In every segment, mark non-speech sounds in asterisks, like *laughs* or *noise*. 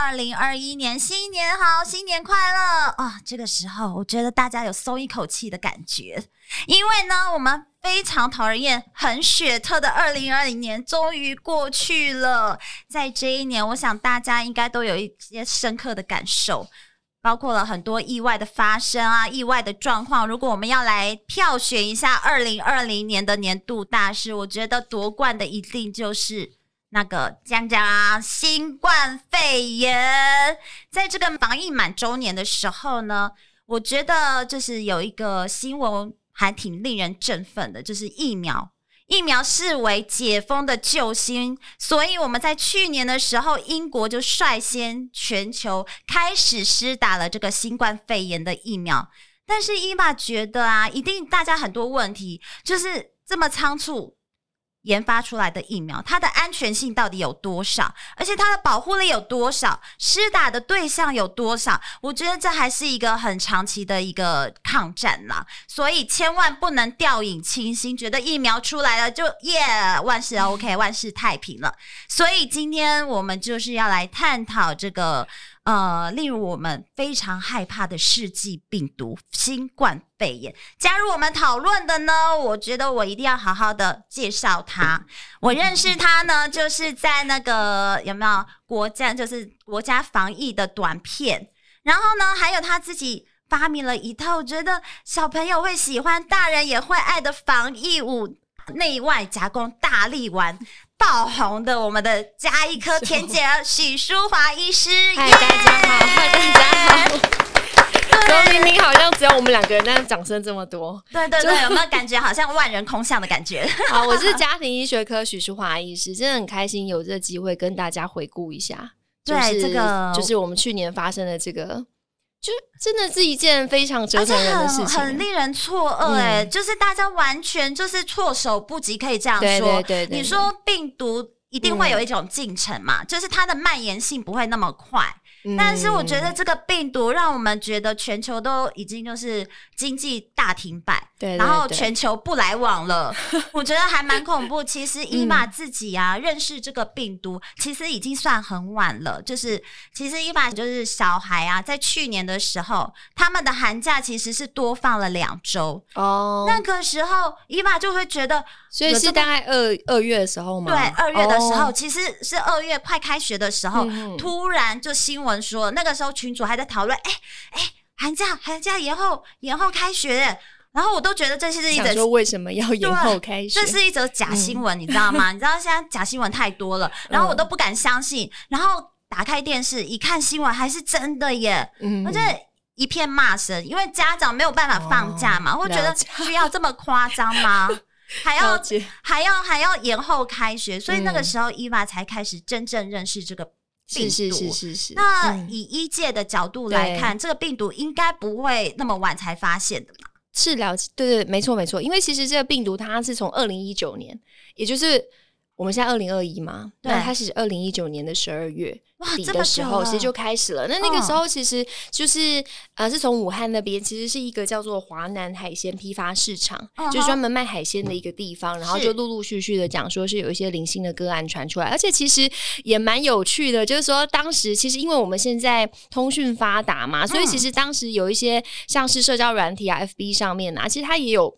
二零二一年，新年好，新年快樂啊、哦！這個時候，我覺得大家有鬆一口氣的感覺，因為呢，我們非常討人厭、很雪特的二零二零年終於過去了。在這一年，我想大家應該都有一些深刻的感受，包括了很多意外的發生啊，意外的狀況。如果我們要來票選一下二零二零年的年度大事，我覺得奪冠的一定就是。那個講講啊，新冠肺炎在這個防疫滿周年的時候呢，我覺得就是有一個新聞還挺令人振奮的，就是疫苗，疫苗視為解封的救星。所以我們在去年的時候，英國就率先全球開始施打了這個新冠肺炎的疫苗。但是伊瑪覺得啊，一定大家很多問題就是這麼倉促。研發出來的疫苗，它的安全性到底有多少？而且它的保護力有多少？施打的對象有多少？我覺得這還是一個很長期的一個抗戰呢。所以千萬不能掉以輕心，覺得疫苗出來了就耶、yeah，萬事 OK，萬事太平了。所以今天我們就是要來探討這個。呃，例如我們非常害怕的世紀病毒新冠肺炎，加入我們討論的呢，我覺得我一定要好好的介紹他。我認識他呢，就是在那個有沒有國家，就是國家防疫的短片，然後呢，還有他自己發明了一套，覺得小朋友會喜歡，大人也會愛的防疫舞，內外夾攻大力丸。爆紅的我們的家醫科甜姐許書華醫師，嗨，大家好，歡迎大家好。明明好像只有我們兩個人，但是掌聲這麼多。對對對，就 有沒有感覺好像萬人空巷的感覺？ *laughs* 好，我是家庭醫學科許書華醫師，真的很開心有這個機會跟大家回顧一下。對，就是、這個就是我們去年發生的這個。就真的是一件非常折騰人的事情，啊而且很、很令人錯愕誒、欸，嗯、就是大家完全就是措手不及，可以這樣說。對對對、對，你說病毒一定會有一種進程嘛。嗯、就是它的蔓延性不會那麼快，但是我覺得這個病毒讓我們覺得全球都已經就是經濟大停擺，對，對，對，然後全球不來往了， *laughs* 我覺得還蠻恐怖。 *laughs* 其實 Eva 自己啊，認識這個病毒其實已經算很晚了。就是其實 Eva 就是小孩啊，在去年的時候，他們的寒假其實是多放了兩周哦。Oh. 那個時候 Eva 就會覺得。所以是大概二二月的時候嘛，對，二月的時候，oh. 其實是二月快開學的時候，嗯、突然就新聞說，那個時候群組還在討論，哎、欸、哎、欸，寒假寒假延後延後開學，然後我都覺得這是一則為什麼要延後開學？這是一則假新聞，嗯、你知道嗎？你知道現在假新聞太多了，嗯、然後我都不敢相信。然後打開電視一看新聞，還是真的耶！嗯，我覺得一片罵聲，因為家長沒有辦法放假嘛，會、哦、覺得需要這麼誇張嗎？解 *laughs* 還要了解，還要還要延後開學，所以那個時候 Eva 才開始真正認識這個病毒。是是是。那、嗯、以醫界的角度來看，對，這個病毒應該不會那麼晚才發現的嘛。治療對，對對，沒錯沒錯，因為其實這個病毒它是從二零一九年，也就是。我們現在二零二一嘛，對那它是二零一九年的十二月底的時候，其實就開始了。那那個時候，其實就是、嗯、呃，是從武漢那邊，其實是一個叫做華南海鮮批發市場，嗯、哼就專門賣海鮮的一個地方。然後就陸陸續續的講說是有一些零星的個案傳出來，是而且其實也蠻有趣的，就是說當時其實因為我們現在通訊發達嘛，嗯、所以其實當時有一些像是社交軟體啊、FB 上面啊，其實它也有。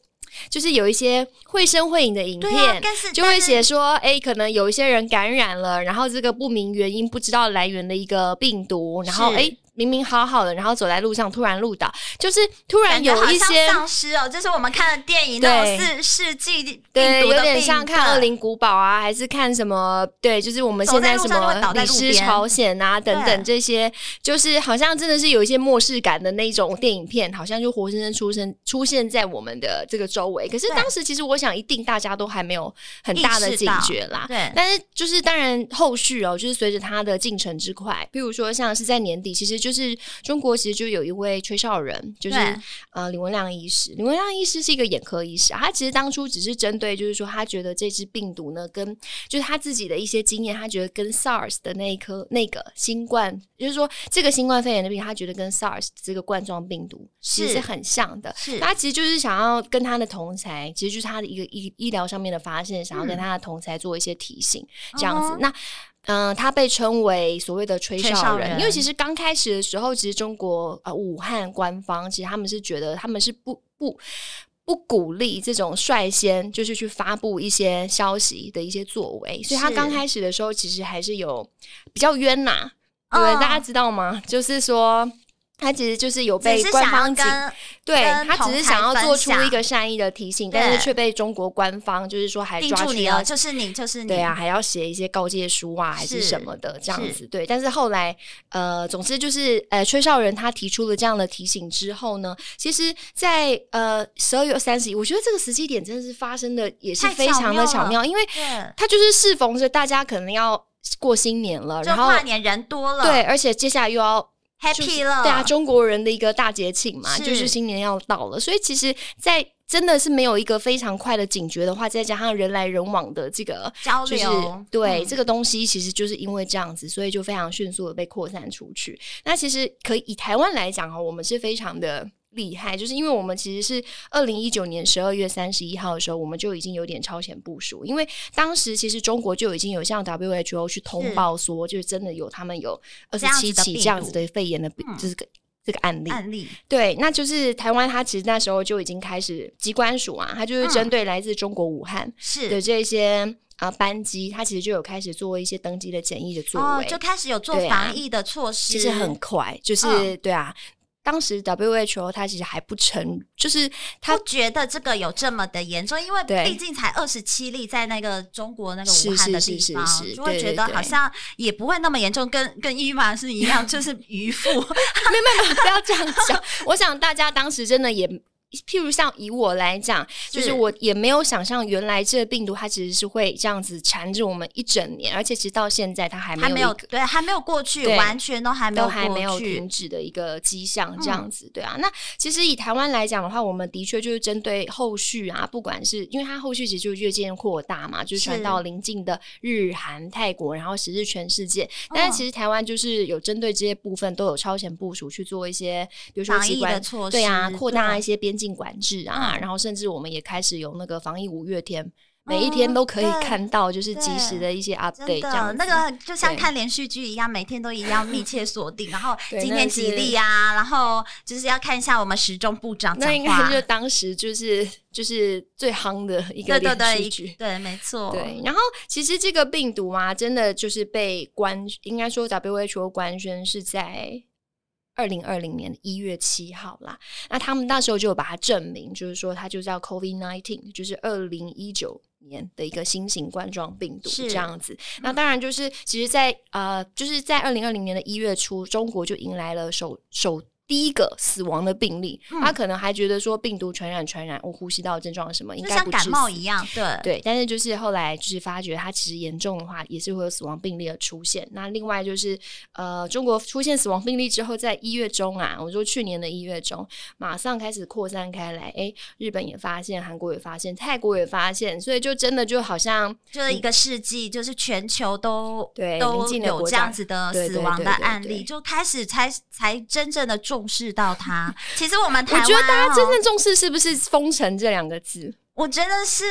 就是有一些繪聲繪影的影片，啊、就會寫說，誒、欸，可能有一些人感染了，然後這個不明原因、不知道來源的一個病毒，是然後誒。欸明明好好的，然後走在路上，突然路倒，就是突然有一些喪屍哦。這、就是我們看的電影，那種世世紀病毒的對，對，有點像看《惡靈古堡》啊，還是看什麼？對，就是我們現在什麼《李屍朝鮮》啊，等等這些，對就是好像真的是有一些末世感的那種電影片，好像就活生生出生出現在我們的這個周圍。可是當時其實我想，一定大家都還沒有很大的警覺啦。對，但是就是當然後續哦，就是隨着它的進程之快，比如說像是在年底，其實就是。就是中國其實就有一位吹哨人，就是呃李文亮醫師。李文亮醫師是一個眼科醫師啊，他其實當初只是針對，就是說他覺得這支病毒呢，跟就是他自己的一些經驗，他覺得跟 SARS 的那一顆那個新冠，就是說這個新冠肺炎的病，他覺得跟 SARS 這個冠狀病毒其實是很像的。是是他其實就是想要跟他的同儕，其實就是他的一個醫醫療上面的發現，想要跟他的同儕做一些提醒，嗯、這樣子。Uh huh. 那。嗯、呃，他被稱為所謂的吹哨人，吹哨人，因為其實剛開始的時候，其實中國呃武漢官方其實他們是覺得他們是不不不鼓勵這種率先就是去發布一些消息的一些作為，是所以他剛開始的時候其實還是有比較冤吶，因為大家知道嗎？就是說。他其實就是有被官方警，對彭他只是想要做出一個善意的提醒，對但是卻被中國官方就是說還抓住你了，就是你就是你。對啊，還要寫一些告誡書啊，是還是什麼的這樣子。是對，但是後來呃，總之就是呃，吹哨人他提出了這樣的提醒之後呢，其實在，在呃十二月三十一，1, 我覺得這個時機點真的是發生的也是非常的巧妙，巧妙因為他就是適逢著大家可能要過新年了，然後跨年人多了，對，而且接下來又要。Happy、就是、了，對啊，中國人的一個大節慶嘛，是就是新年要到了，所以其實，在真的是沒有一個非常快的警覺的話，再加上人來人往的這個、就是、交流，對、嗯、這個東西，其實就是因為這樣子，所以就非常迅速的被擴散出去。那其實可以，以台灣來講哈、喔，我們是非常的。厲害，就是因為我們其實是二零一九年十二月三十一號的時候，我們就已經有點超前部署。因為當時其實中國就已經有向 WHO 去通報說是，就是真的有他們有二十七起這樣子的肺炎的，的病就是這個、嗯、這個案例。案例對，那就是台灣，它其實那時候就已經開始機關署啊，它就是針對來自中國武漢是、嗯、的這些是啊班機，它其實就有開始做一些登機的檢疫的作為、哦，就開始有做防疫的措施，就是、啊啊、很快，就是、哦、對啊。當時 WHO 他其實還不成，就是他覺得這個有這麼的嚴重，因為畢竟才二十七例，在那個中國那個武漢的地方，是是是是是就會覺得好像也不會那麼嚴重，對對對對跟跟以往是一樣，就是漁夫，沒有沒有，不要這樣講。 *laughs* 我想大家當時真的也。譬如像以我來講，是就是我也沒有想象原來這個病毒它其實是會這樣子纏着我們一整年，而且其實到現在它還沒有，還沒有，對，還沒有過去，對完全都還沒有過去，都還沒有停止的一個跡象，這樣子，嗯、對啊。那其實以台灣來講的話，我們的確就是針對後續啊，不管是因為它後續其實就是越界擴大嘛，就傳到臨近的日韓、泰國，然後直至全世界。但是其實台灣就是有針對這些部分都有超前部署去做一些，比如說防疫的措施，對啊，擴大一些邊。禁管制啊，然後甚至我們也開始有那個防疫五月天，嗯、每一天都可以看到，就是及時的一些 update，嗯、這樣，那個就像看連續劇一樣，對每天都一樣密切鎖定。然後今天幾例啊， *laughs* 然後就是要看一下我們時中部長講話。那應該就當時就是就是最夯的一個連續劇，對，對，對，對，沒錯。對，然後其實這個病毒嘛，真的就是被官應該說 WHO 官宣是在。二零二零年一月七號啦，那他們那時候就有把它證明，就是說它就叫 COVID nineteen，就是二零一九年的一個新型冠狀病毒這樣子。是那當然就是，嗯、其實在，在呃，就是在二零二零年的一月初，中國就迎來了首首。第一個死亡的病例，嗯、他可能還覺得說病毒傳染傳染，我呼吸道症狀什麼應該像感冒一樣，對對。但是就是後來就是發覺，他其實嚴重的話也是會有死亡病例的出現。那另外就是呃，中國出現死亡病例之後，在一月中啊，我說去年的一月中，馬上開始擴散開來。哎、欸，日本也發現，韓國也發現，泰國也發現，所以就真的就好像就一個世紀，就是全球都，嗯、對都有這樣子的死亡的案例，就開始才才真正的做。重視到它， *laughs* 其實我們台灣我覺得大家真正重視是不是“封城”這兩個字？我覺得是，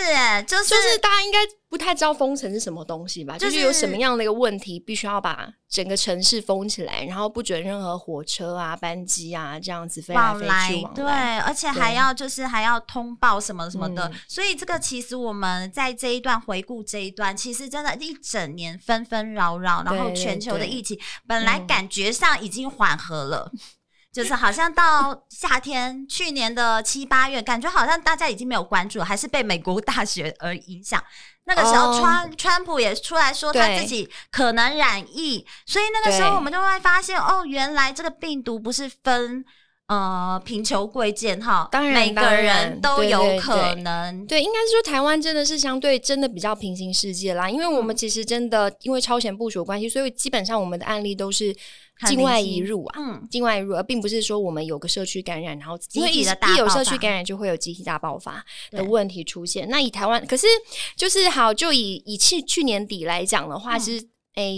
就是、就是大家應該不太知道“封城”是什麼東西吧？就是、就是有什麼樣的一個問題，必須要把整個城市封起來，然後不准任何火車啊、班機啊這樣子飛來飛去來來。對，而且還要就是還要通報什麼什麼的。嗯、所以這個其實我們在這一段回顧這一段，其實真的，一整年紛紛擾擾，然後全球的疫情對對對本來感覺上已經緩和了。嗯就是好像到夏天， *laughs* 去年的七八月，感覺好像大家已經沒有關注，還是被美國大選而影響。那個時候，川川普也出來說他自己可能染疫，oh, 所以那個時候我們就會發現，對哦，原來這個病毒不是分。呃，貧窮貴賤哈，當然每個人都有可能。對，對，對，對，對，應該是說台灣真的是相對真的比較平行世界啦，因為我們其實真的、嗯、因為超前部署關係，所以基本上我們的案例都是境外移入、啊，嗯，境外移入，而並不是說我們有個社區感染，然後因為一,一有社區感染就會有集體大爆發的問題出現。對那以台灣，可是就是好，就以以去去年底來講的話，是，誒、嗯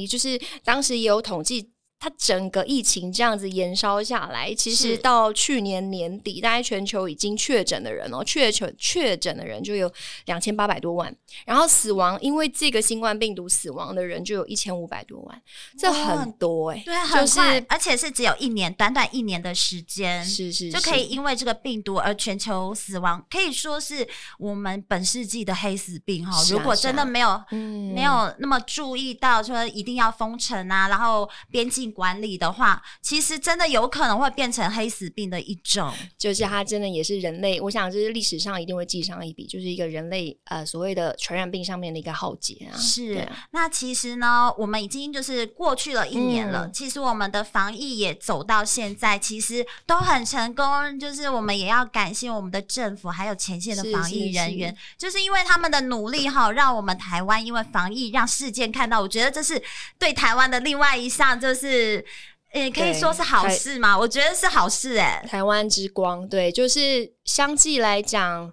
欸，就是當時也有統計。它整個疫情這樣子延燒下來，其實到去年年底，是大概全球已經確診的人哦，確診確診的人就有兩千八百多萬，然後死亡，因為這個新冠病毒死亡的人就有一千五百多萬，這很多哎、欸哦，對，就是而且是只有一年，短短一年的時間，是是，是就可以因為這個病毒而全球死亡，可以說是我們本世紀的黑死病哈、哦。是啊是啊，如果真的沒有、嗯、沒有那麼注意到，說一定要封城啊，然後邊境。管理的話，其實真的有可能會變成黑死病的一種，就是它真的也是人類，我想這是歷史上一定會記上一筆，就是一個人類呃所謂的傳染病上面的一個浩劫啊。是，對那其實呢，我們已經就是過去了一年了，嗯、其實我們的防疫也走到現在，其實都很成功。就是我們也要感謝我們的政府還有前線的防疫人員，是是是是，就是因為他們的努力哈，讓我們台灣因為防疫讓世界看到，我覺得這是對台灣的另外一項就是。是，也、欸、可以說是好事嘛？我覺得是好事哎、欸。台灣之光，對，就是相繼來講，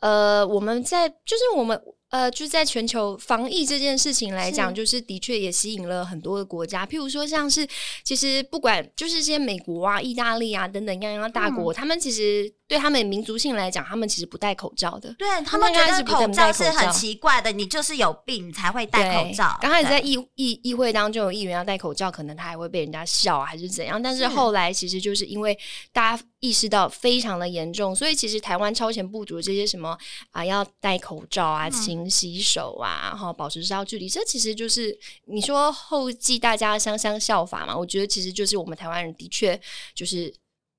呃，我們在就是我們呃就在全球防疫這件事情來講，是就是的確也吸引了很多的國家，譬如說像是其實不管就是一些美國啊、意大利啊等等樣樣大國，嗯、他們其實。對他們民族性來講，他們其實不戴口罩的。對，他們覺得口罩是很奇怪的，你就是有病你才會戴口罩。剛開始在議議對議會當中，有議員要戴口罩，可能他還會被人家笑，啊、還是怎樣。但是後來其實就是因為大家意識到非常的嚴重，是所以其實台灣超前部署這些什麼啊，呃，要戴口罩啊，勤洗手啊，然後保持社交距離，這其實就是你說後繼大家相相效法嘛。我覺得其實就是我們台灣人的確就是。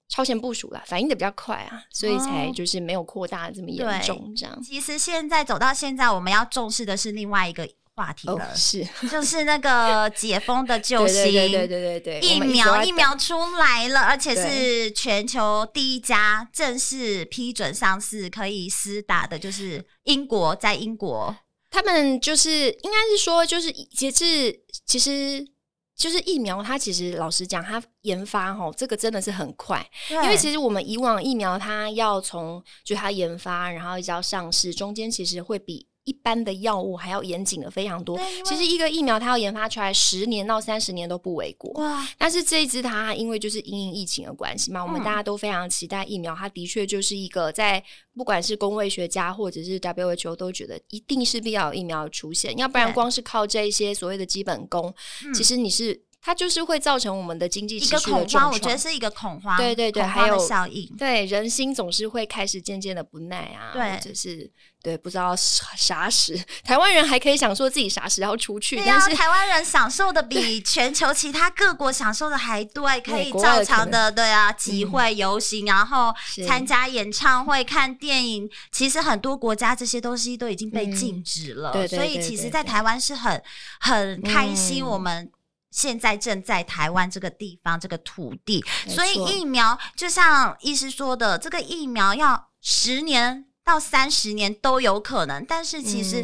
超前部署了，反應的比較快啊，所以才就是沒有擴大這麼嚴重這樣、哦。其實現在走到現在，我們要重視的是另外一個話題了，哦、是就是那個解封的救星， *laughs* 對，對對對對對對，疫苗疫苗出來了，而且是全球第一家正式批准上市可以施打的，就是英國，在英國他們就是應該是說，就是截至其實。就是疫苗，它其實老實講，它研發齁、哦，這個真的是很快，對因為其實我們以往疫苗，它要從就它研發，然後一直到上市，中間其實會比一般的藥物還要嚴謹的非常多。其實一個疫苗它要研發出來十年到三十年都不為過。哇！但是這一支它因為就是因應疫情的關係嘛，嗯、我們大家都非常期待疫苗。它的確就是一個在不管是公衛學家或者是 WHO 都覺得一定是必要有疫苗出現，要不然光是靠這一些所謂的基本功，對嗯、其實你是它就是會造成我們的經濟一個恐慌。我覺得是一個恐慌，對，對對對，還有效應，對人心總是會開始漸漸的不耐啊，或者對、就是。對，不知道啥時台灣人還可以享受自己啥時要出去。對呀、啊，是台灣人享受的比全球其他各國享受的還多，對可以照常的，的對啊，集會、遊、嗯、行，然後參加演唱會、是看電影。其實很多國家這些東西都已經被禁止了，所以其實，在台灣是很很開心。我們現在正在台灣這個地方、嗯、這個土地，所以疫苗錯就像醫師說的，這個疫苗要十年。到三十年都有可能，但是其實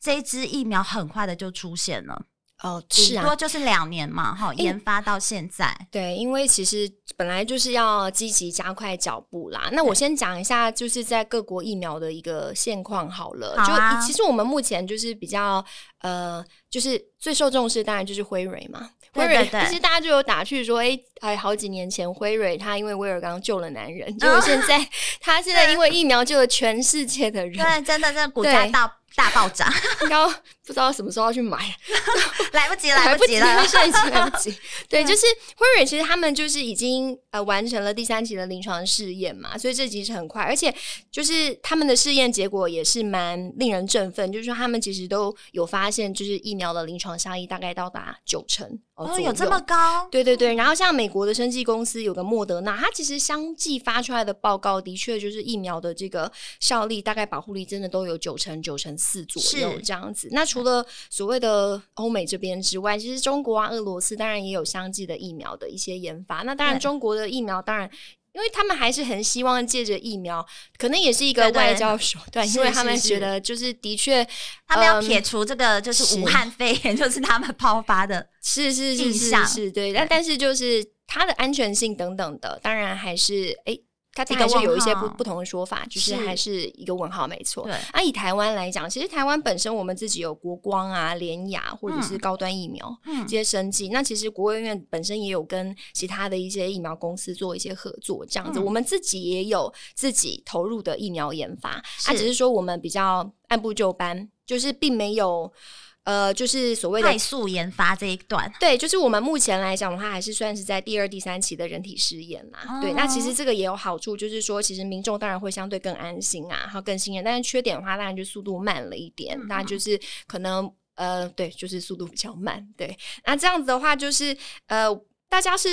這一支疫苗很快的就出現了、嗯、哦、不、啊、多就是兩年嘛，哈、欸，研發到現在。對，因為其實本來就是要積極加快腳步啦。那我先講一下，就是在各國疫苗的一個現況好了，就、啊、其實我們目前就是比較。呃，就是最受重視，當然就是輝瑞嘛。輝瑞對對對，其實大家就有打趣說、欸，哎，好幾年前輝瑞他因為威而鋼救了男人，哦、結果現在他現在因為疫苗救了全世界的人，對對真的，真的股價大對大暴漲，然後不知道什麼時候要去買，來不及，來不及了，來不及。對，就是輝瑞，其實他們就是已經呃完成了第三期的臨床試驗嘛，所以這其實很快，而且就是他們的試驗結果也是蠻令人振奮，就是說他們其實都有發。發現就是疫苗的臨床效益大概到達九成哦，有這麼高？對對對。然後像美國的生技公司有個莫德納，它其實相繼發出來的報告，的確就是疫苗的這個效力，大概保護力真的都有九成九成四左右這樣子。那除了所謂的歐美這邊之外，其實中國啊、俄羅斯當然也有相繼的疫苗的一些研發。那當然中國的疫苗當然。因為他們還是很希望借着疫苗，可能也是一個外交手段，因為他們覺得就是的確，他們要撇除這個就是武漢肺炎，是 *laughs* 就是他們爆發的是,是是是，是是對，但對但是就是它的安全性等等的，當然還是哎。欸它大概是有一些不不同的說法，就是還是一個問號沒，沒錯。那、啊、以台灣來講，其實台灣本身我們自己有國光啊、聯亞或者是高端疫苗這些生技。那其實國衛院本身也有跟其他的一些疫苗公司做一些合作，這樣子。嗯、我們自己也有自己投入的疫苗研發，它是、啊、只是說我們比較按部就班，就是並沒有。呃，就是所謂的快速研發這一段，對，就是我們目前來講的話，還是算是在第二、第三期的人體試驗嘛。哦、對，那其實這個也有好處，就是說，其實民眾當然會相對更安心啊，然後更信任。但是缺點的話，當然就速度慢了一點，嗯、哼那就是可能呃，對，就是速度比較慢。對，那這樣子的話，就是呃，大家是。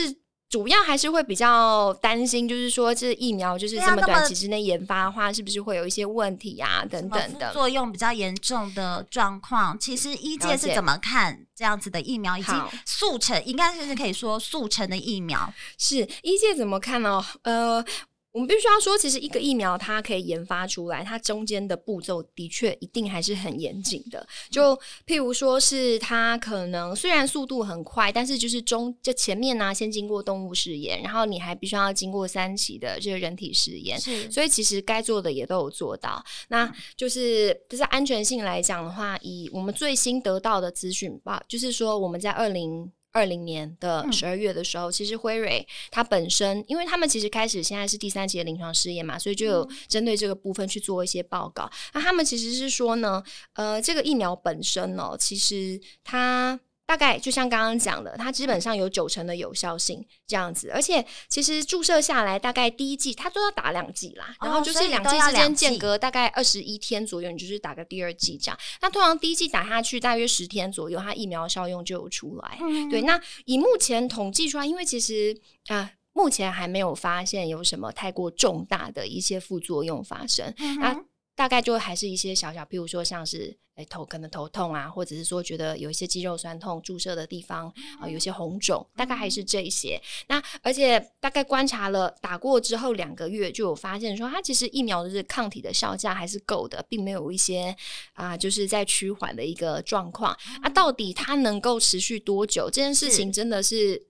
主要還是會比較擔心，就是說這疫苗就是這麼短期之內研發的話，是不是會有一些問題呀、啊？等等的，作用比較嚴重的狀況。其實醫界是怎麼看這樣子的疫苗？已經 Okay. 速成，好應該是，是可以說速成的疫苗是醫界怎麼看呢、哦？呃。我們必須要說，其實一個疫苗它可以研發出來，它中間的步驟的確一定還是很嚴謹的。就譬如說是它可能雖然速度很快，但是就是中就前面呢、啊、先經過動物試驗，然後你還必須要經過三期的這個人體試驗。是所以其實該做的也都有做到。那就是就是安全性來講的話，以我們最新得到的資訊吧，就是說我們在二零。二零年的十二月的時候，嗯、其實輝瑞它本身，因為他們其實開始現在是第三期的臨床試驗嘛，所以就有針對這個部分去做一些報告。那、嗯啊、他們其實是說呢，呃，這個疫苗本身哦、喔，其實它。大概就像剛剛講的，它基本上有九成的有效性這樣子，而且其實注射下來大概第一劑它都要打兩劑啦，哦、然後就是兩劑之間間隔大概二十一天左右，哦、你就是打個第二劑這樣。那通常第一劑打下去大約十天左右，它疫苗效用就有出來。嗯、對，那以目前統計出來，因為其實啊、呃，目前還沒有發現有什麼太過重大的一些副作用發生、嗯、哼啊。.大概就還是一些小小，譬如說像是誒、欸、頭可能頭痛啊，或者是說覺得有一些肌肉痠痛，注射的地方啊、呃、有些紅腫，大概還是這一些。嗯、那而且大概觀察了打過之後兩個月，就有發現說，它其實疫苗的抗體的效價還是夠的，並沒有一些啊、呃、就是在趨緩的一個狀況。那、嗯啊、到底它能夠持續多久？這件事情真的是，是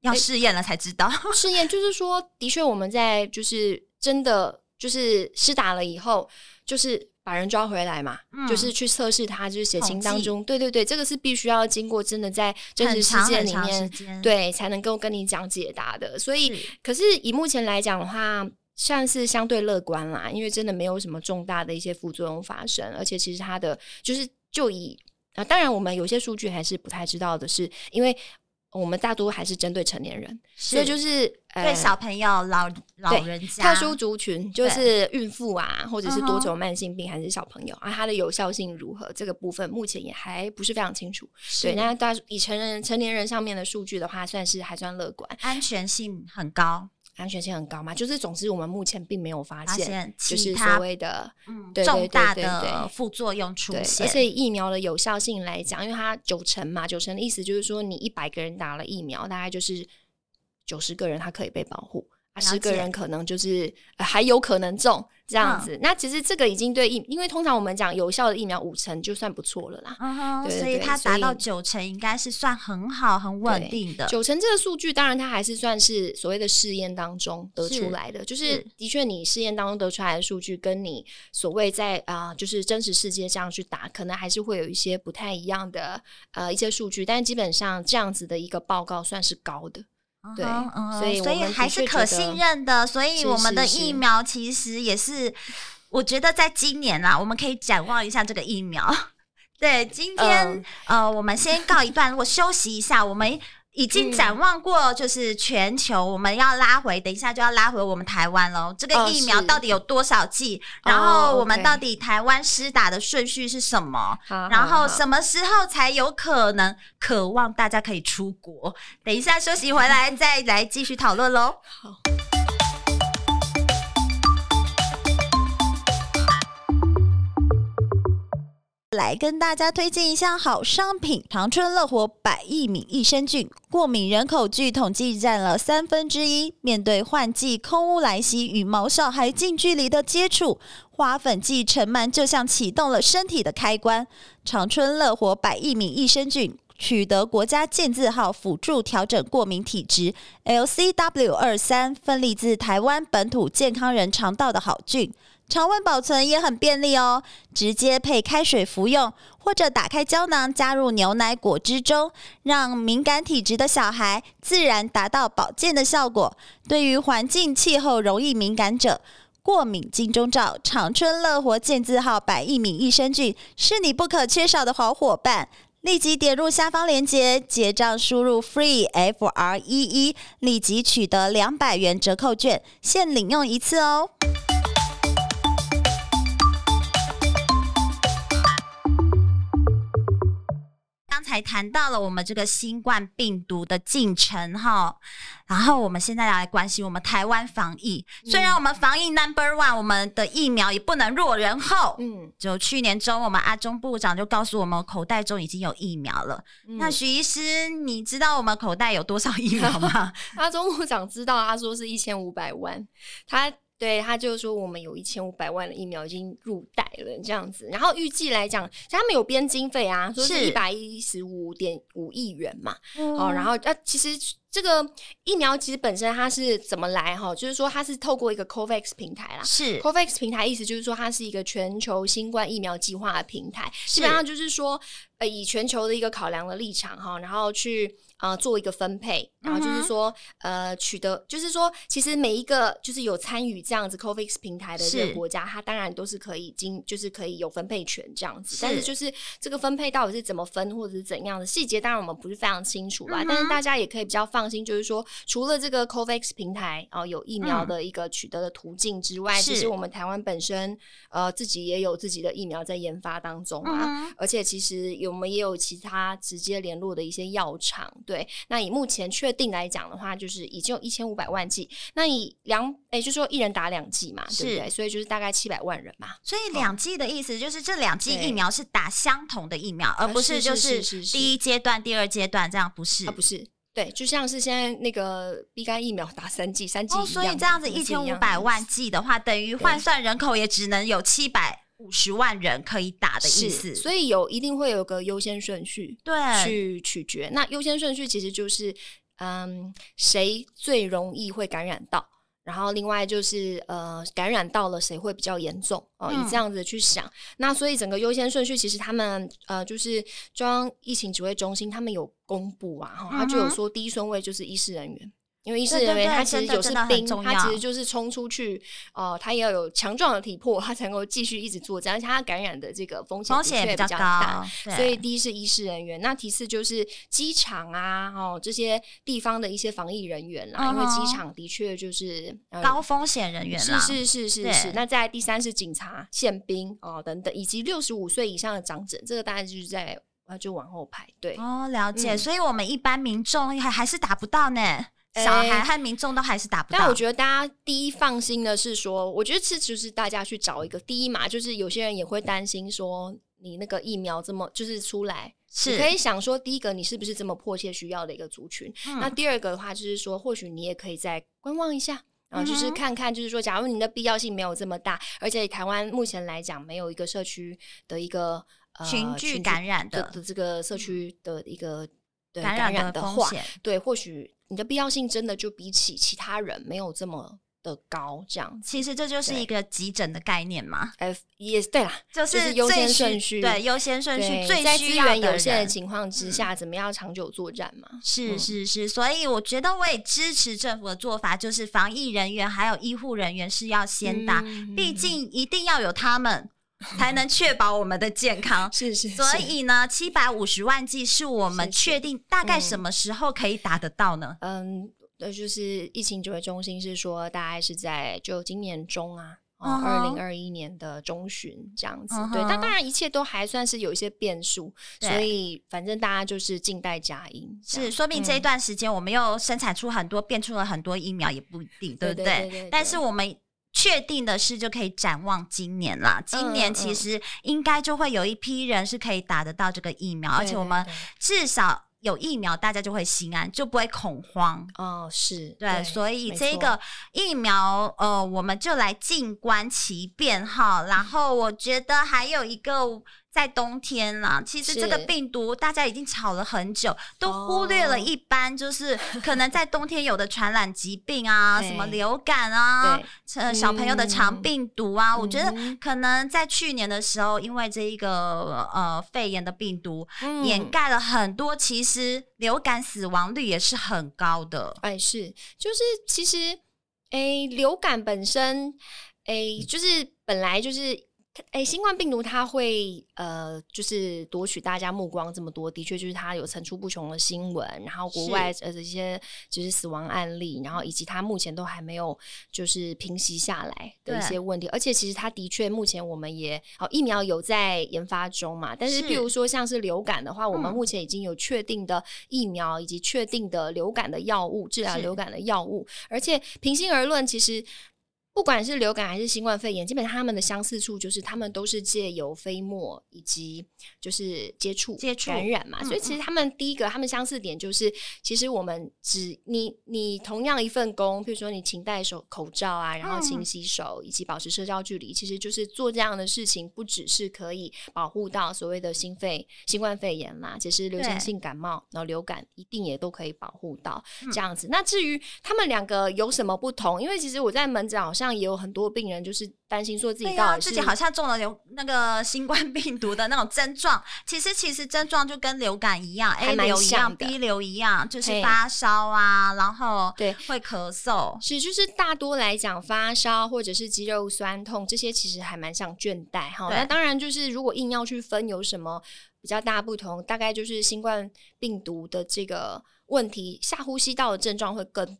要試驗了才知道。試驗、欸、就是說，的確我們在就是真的就是施打了以後。就是把人抓回來嘛，嗯，就是去測試他，就是血清當中，計對對對，這個是必須要經過真的在真實世界裡面，很長很長時間，對，才能夠跟你講解答的。所以，是可是以目前來講的話，算是相對樂觀啦，因為真的沒有什麼重大的一些副作用發生，而且其實它的就是就以啊，當然我們有些數據還是不太知道的是，是因為我們大多還是針對成年人，是所以就是。嗯、對小朋友、老老人家、特殊族群，就是孕婦啊，對或者是多種慢性病，嗯、哼還是小朋友啊，它的有效性如何？這個部分目前也還不是非常清楚。是對，那大以成人成年人上面的數據的話，算是還算樂觀，安全性很高，安全性很高嘛。就是總之，我們目前並沒有發現，發現就是所謂的重大的副作用出現。而且疫苗的有效性來講，因為它九成嘛，九成的意思就是說，你一百個人打了疫苗，大概就是。九十個人他可以被保護，十個人可能就是了解、呃、還有可能中這樣子。嗯、那其實這個已經對疫，因為通常我們講有效的疫苗五成就算不錯了啦。所以它達到九成應該是算很好、很穩定的。九成這個數據當然它還是算是所謂的試驗當中得出來的，是就是的確你試驗當中得出來的數據跟你所謂在啊、呃、就是真實世界這樣去打，可能還是會有一些不太一樣的呃一些數據，但基本上這樣子的一個報告算是高的。對，所以還是可信任的，所以我們的疫苗其實也是，是是是我覺得在今年啦，我們可以展望一下這個疫苗。對，今天呃，呃，我們先告一段落， *laughs* 我休息一下，我們。已經展望過，就是全球我們要拉回，等一下就要拉回我們台灣咯。這個疫苗到底有多少劑？哦、然後我們到底台灣施打的順序是什麼？哦 okay、然後什麼時候才有可能渴望大家可以出國？等一下休息回來、嗯、再來繼續討論咯。好。來跟大家推薦一項好商品——常春樂活佰益敏益生菌。過敏人口據統計占了三分之一。面對換季、空污來襲與毛小孩近距離的接觸，花粉季、塵蟎就像啟動了身體的開關。常春樂活佰益敏益生菌取得國家健字號，輔助調整過敏體質。LCW 二三分離自台灣本土健康人腸道的好菌。常溫保存也很便利哦，直接配開水服用，或者打開膠囊加入牛奶、果汁中，讓敏感體質的小孩自然達到保健的效果。對於環境、氣候容易敏感者，過敏金鐘罩常春樂活健字號佰益敏益生菌是你不可缺少的好夥伴。立即點入下方鏈接結賬，輸入 FREE FREE 立即取得兩百元折扣券，限領用一次哦。剛才談到了我們這個新冠病毒的進程哈，然後我們現在來關心我們台灣防疫。雖然我們防疫 Number One，嗯、我們的疫苗也不能落人後。嗯，就去年中，我們阿中部長就告訴我們，口袋中已經有疫苗了。嗯、那許醫師，你知道我們口袋有多少疫苗嗎？阿中部長知道，他說是一千五百萬。他。對他就是說，我們有一千五百萬的疫苗已經入袋了，這樣子。然後預計來講，他們有編經費啊，說是一百一十五點五億元嘛。是哦，然後那、啊、其實這個疫苗其實本身它是怎麼來哈、哦？就是說它是透過一個 COVAX 平台啦，是 COVAX 平台，意思就是說它是一個全球新冠疫苗計劃的平台，是基本上就是說呃以全球的一個考量的立場哈、哦，然後去。啊、呃，做一個分配，然後就是說，mm hmm. 呃，取得，就是說，其實每一個就是有參與這樣子 COVAX 平台的一個國家，是它當然都是可以經，就是可以有分配權這樣子，是，但是就是這個分配到底是怎麼分或者是怎樣的細節，當然我們不是非常清楚啦，mm hmm. 但是大家也可以比較放心，就是說，除了這個 COVAX 平台然、呃、有疫苗的一個取得的途徑之外，其實、mm hmm. 我們台灣本身呃自己也有自己的疫苗在研發當中啊，mm hmm. 而且其實我們也有其他直接聯絡的一些藥廠。對，那以目前確定來講的話，就是已經有一千五百萬劑。那以兩哎、欸，就說一人打兩劑嘛，是對,對對，所以就是大概七百萬人嘛。所以兩劑的意思就是這兩劑疫苗是打相同的疫苗，哦、而不是就是第一階段、第二階段這樣不，不是,是,是,是,是。啊，不是。對，就像是現在那個乙肝疫苗打三劑，三劑一樣。哦，所以這樣子一千五百萬劑的話，的對等於換算人口也只能有七百。五十萬人可以打的意思，所以有一定會有個優先順序，對，去取決。那優先順序其實就是，嗯，誰最容易會感染到，然後另外就是呃，感染到了誰會比較嚴重哦，嗯、以這樣子去想。那所以整個優先順序，其實他們呃，就是中央疫情指揮中心他們有公布啊，哈、哦，他就有說第一順位就是醫師人員。嗯因為醫事人員他其實有是兵。對對對，他其實就是衝出去，哦、呃，他也要有強壯的體魄，他才能夠繼續一直作戰，而且他感染的這個風險的確比較高。較，對所以第一是醫事人員，那其次就是機場啊，哦，這些地方的一些防疫人員啦，嗯哦、因為機場的確就是、呃、高風險人員。是是是是是。對那再第三是警察、憲兵哦等等，以及六十五歲以上的長者，這個大概就是在啊就往後排隊。對哦，了解。嗯、所以我們一般民眾還還是打不到呢？欸、小孩和民眾都還是打不到。但我覺得大家第一放心的是說，我覺得這就是大家去找一個第一嘛，就是有些人也會擔心說，你那個疫苗這麼就是出來，是你可以想說，第一個你是不是這麼迫切需要的一個族群？嗯、那第二個的話，就是說或許你也可以再觀望一下，然後就是看看，就是說，假如你的必要性沒有這麼大，而且台灣目前來講沒有一個社區的一個、呃、群聚感染的的、的這個社區的一個對感染的風險，對，或許。你的必要性真的就比起其他人沒有這麼的高，這樣其實這就是一個急診的概念嘛。E S，對、F、yes, 對啦，就是優先順序，對優先順序，對最需要在資源有限的情況之下，嗯、怎麼樣長久作戰嘛？是是是，所以我覺得我也支持政府的做法，就是防疫人員還有醫護人員是要先打，畢、嗯、竟一定要有他們。才能確保我們的健康。 *laughs* 是是、是。所以呢，七百五十萬劑是我們確定大概什麼時候可以達得到呢？是是。嗯。嗯，就是疫情指揮中心是說，大概是在就今年中啊，二零二一年的中旬這樣子。嗯、哼對。但當然，一切都還算是有一些變數，嗯、哼所以反正大家就是靜待佳音。是，說不定這一段時間我們又生產出很多，嗯、變出了很多疫苗也不一定，對不對？對對對。但是我們。確定的是就可以展望今年啦。嗯、今年其實應該就會有一批人是可以打得到這個疫苗，對對對，而且我們至少有疫苗，大家就會心安，就不會恐慌。哦，是對，對，所以這個疫苗，對錯呃，我們就來靜觀其變哈。然後我覺得還有一個。在冬天啦，其實這個病毒大家已經吵了很久，是都忽略了一般，就是可能在冬天有的傳染疾病啊， *laughs* 什麼流感啊，對呃、小朋友的腸病毒啊，嗯、我覺得可能在去年的時候，因為這一個呃肺炎的病毒，嗯、掩蓋了很多，其實流感死亡率也是很高的。哎，欸、是，就是其實誒、欸，流感本身誒、欸，就是本來就是。誒，新冠病毒它會呃，就是奪取大家目光這麼多，的確就是它有層出不窮的新聞，然後國外是呃這些就是死亡案例，然後以及它目前都還沒有就是平息下來的一些問題。對而且其實它的確目前我們也好疫苗有在研發中嘛，但是比如說像是流感的話，是我們目前已經有確定的疫苗以及確定的流感的藥物治療流感的藥物。是而且平心而論，其實。不管是流感還是新冠肺炎，基本上他們的相似處就是他們都是借由飛沫以及就是接觸接傳染嘛。嗯嗯，所以其實他們第一個他們相似點就是，其實我們只你你同樣一份工，譬如說你勤戴手口罩啊，然後勤洗手嗯嗯，以及保持社交距離，其實就是做這樣的事情，不只是可以保護到所謂的“新肺”新冠肺炎嘛，其實流行性感冒然後流感一定也都可以保護到這樣子。嗯、那至於他們兩個有什麼不同？因為其實我在門診好像。也有很多病人就是擔心說自己到底、啊、自己好像中了流那個新冠病毒的那種症狀， *laughs* 其實其實症狀就跟流感一樣，還蠻像，A 流一樣，B 流一樣就是發燒啊，嘿然後對會咳嗽，其實就是大多來講發燒或者是肌肉酸痛這些其實還蠻像倦怠哈。那對當然就是如果硬要去分有什麼比較大不同，大概就是新冠病毒的這個問題下呼吸道的症狀會更。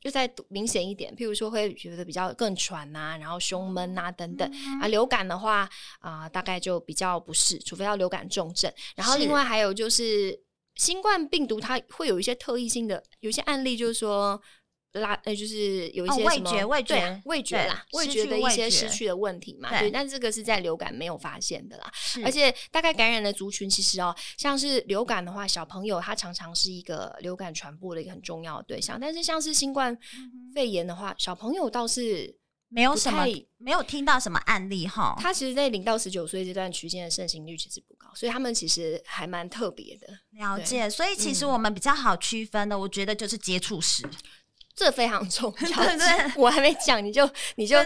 就再明顯一點，譬如說會覺得比較更喘啊，然後胸悶啊等等、嗯、哼啊。流感的話啊、呃，大概就比較不適，除非要流感重症。然後另外還有就是，是新冠病毒，它會有一些特異性的，有一些案例就是說。拉呃，就是有一些什麼味覺、味覺、味覺啦，味覺的一些失去的問題嘛。對，但這個是在流感沒有發現的啦。而且大概感染的族群，其實哦，像是流感的話，小朋友他常常是一個流感傳播的一個很重要的對象。但是像是新冠肺炎的話，小朋友倒是沒有什麼，沒有聽到什麼案例哈。他其實，在零到十九歲這段區間的盛行率其實不高，所以他們其實還蠻特別的了解。所以其實我們比較好區分的，我覺得就是接觸史。這非常重要， *laughs* 對對對，我還沒講，你就你就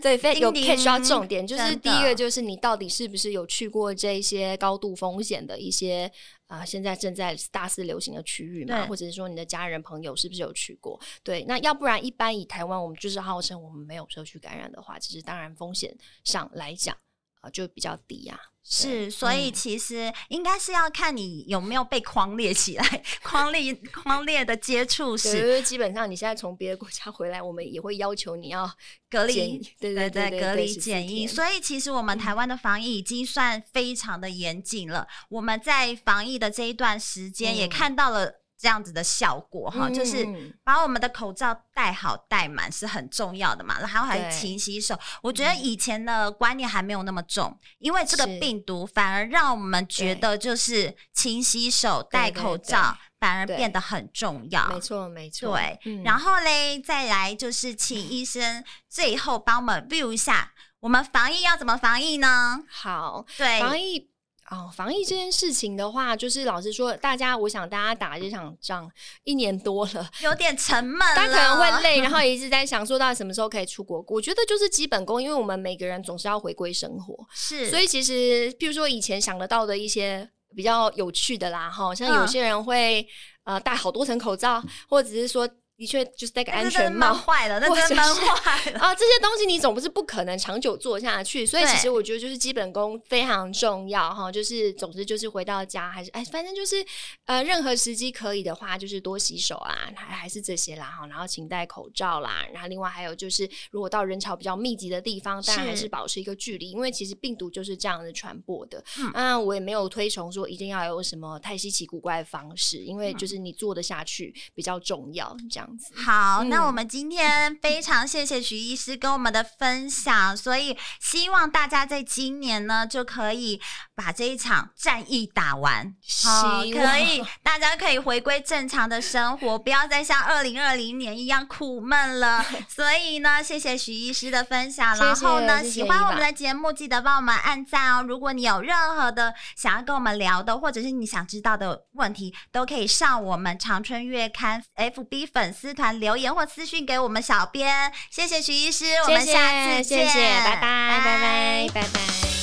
對非對有 catch 要重點，叮叮嗯、就是第一個就是你到底是不是有去過這一些高度風險的一些啊的、呃，現在正在大肆流行的區域嘛，對或者是說你的家人朋友是不是有去過？對，那要不然一般以台灣，我們就是號稱我們沒有社區感染的話，其實當然風險上來講啊、呃，就比較低呀、啊。是，所以其實應該是要看你有沒有被框列起來，框列框列的接觸史。對，就是，基本上你現在從別的國家回來，我們也會要求你要隔離離，對對對，對對對，隔離檢疫。所以其實我們台灣的防疫已經算非常的嚴謹了。嗯、我們在防疫的這一段時間，也看到了。這樣子的效果哈，就是把我們的口罩戴好戴滿是很重要的嘛，然後還勤洗手。我覺得以前的觀念還沒有那麼重，因為這個病毒反而讓我們覺得就是勤洗手、戴口罩反而變得很重要。沒錯，沒錯。對，然後嘞，再來就是請醫生最後幫我們 view 一下，我們防疫要怎麼防疫呢？好，對，防疫。哦，防疫這件事情的話，就是老實說，大家，我想大家打這場仗一年多了，有點沉悶，大家可能會累，然後一直在想，說到什麼時候可以出國？ *laughs* 我覺得就是基本功，因為我們每個人總是要回歸生活，是。所以其實，譬如說以前想得到的一些比較有趣的啦，哈，像有些人會呃戴好多層口罩，或者是說，的確，就是那個安全帽。真蠻壞了，那真蠻壞了。啊！這些東西你總不是不可能長久做下去，所以其實我覺得就是基本功非常重要哈。就是總之就是回到家還是哎，反正就是呃，任何時機可以的話，就是多洗手啊，還還是這些啦哈。然後勤戴口罩啦。然後另外還有就是，如果到人潮比較密集的地方，當然是還是保持一個距離，因為其實病毒就是這樣子傳播的。嗯、啊，我也沒有推崇說一定要有什麼太稀奇古怪的方式，因為就是你做得下去比較重要，這樣。好，嗯、那我們今天非常謝謝許醫師跟我們的分享，所以希望大家在今年呢就可以把這一場戰役打完，好望、哦，可以，大家可以回歸正常的生活，不要再像二零二零年一樣苦悶了。 *laughs* 所以呢，謝謝許醫師的分享，然後呢，謝謝喜歡我們的節目記得幫我們按讚哦。如果你有任何的想要跟我們聊的，或者是你想知道的問題，都可以上我們常春月刊 FB 粉私團留言或私訊給我們小編，謝謝許醫師，謝謝我們下次見，拜拜，拜拜，拜拜。